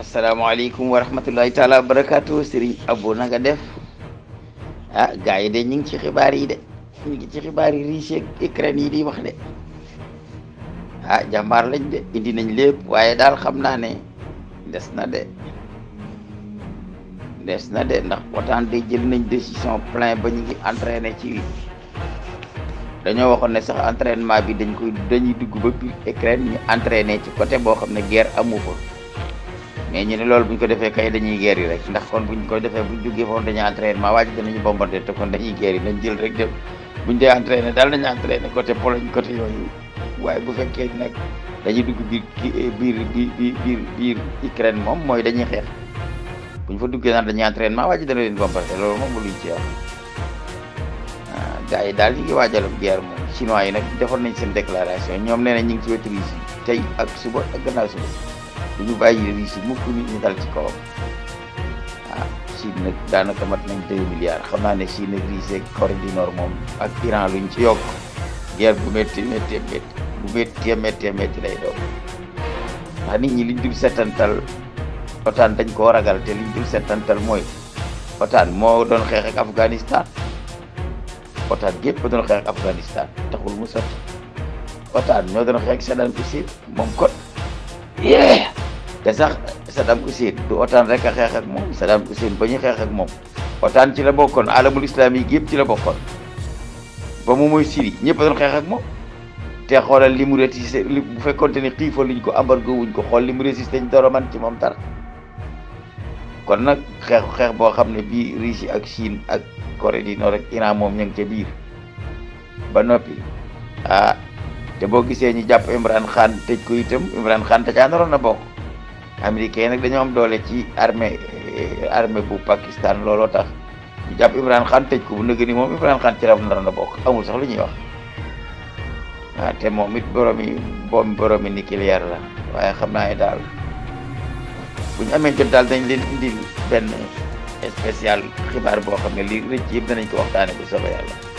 asalaamaaleykum wa rahmatullahi taala wa barakaatu Serigne Abou na nga def ah gars yi de ñu ngi ci xibaar yi de ñu ngi ci xibaar yi riche Ukraine yi di wax de ah jàmbaar lañ de indi nañ lépp waye daal xam naa ne des na de des na de ndax pourtant de jël nañ décision plein ba ñu ngi entraîné ci dañoo waxoon ne sax entrainement bi dañ koy dañuy dugg ba biir Ukraine ñu entraîné ci côté boo xam ne guerre amu fa. mais ñu ne loolu bu ñu ko defee kay dañuy guerre yi rek ndax kon bu ñu ko defee bu ñu jógee foofu dañuy entraînement waaj danañu bombardé te kon dañuy guerre yi nañ jël rek dem bu ñu dee entraîné daal nañu entraîné côté Pologne côté yooyu waaye bu fekkee nag dañuy dugg biir biir biir biir biir Ukraine moom mooy dañuy xeex bu ñu fa duggee naan dañuy entraînement waaj dana leen bombardé loolu moom bu luñ ci wax ah gars yi daal ñu ngi waajal geer moom chinois yi nag defoon nañ seen déclaration ñoom nee na ñu ngi ci wetu tey ak suba ak gannaaw suba duñu bàyyi riche mukk nit ñu dal ci kawam ah, nag daanaka mat nañ deux milliards xam naa ne Chine ak riche ak moom ak Iran luñ ci yokk guerre bu métti métti métti bu métti lay doon ndax ah, nit ñi liñ dul settantal otaan dañ ko ragal te liñ dul settantal mooy otaan moo doon xeex ak Afghanistan otaan gépp doon xeex ak Afghanistan taxul mu sotti otaan ñoo doon xeex Saddam Hussein moom kon te sax Saddam Hussein du otaan rek a xeex moom Saddam Hussein ba ñu xeex moom otaan ci la bokkoon alamul islamique yëpp ci la bokkoon ba mu mooy Syrie ñëpp a doon xeex moom te xoolal li mu résisté li bu fekkonte ni xiifa luñ ko embargo wuñ ko xool li mu résisté ñu doro man ci moom dara kon nag xeexu xeex boo xam ne bii Russie ak Chine ak Corée du Nord ak Iran moom ña ngi ca biir ba noppi ah te boo gisee ñu jàpp Imran xaan tëj ko itam Imran Khan te caa naroon na bokk. américains nag dañoo am doole ci armée armée bu Pakistan looloo tax jàpp Imran Khan tëj ko bu nëgg ni moom Imran Khan ci raf naroon a bokk amul sax lu ñuy wax waaw ah, te moom it boromi boom boromi nucléaire la waaye xam naa ne daal bu ñu amee jot daal dañ leen indil benn spécial xibaar boo xam ne lii rëcc yëpp danañ ko waxtaane bu soobee yàlla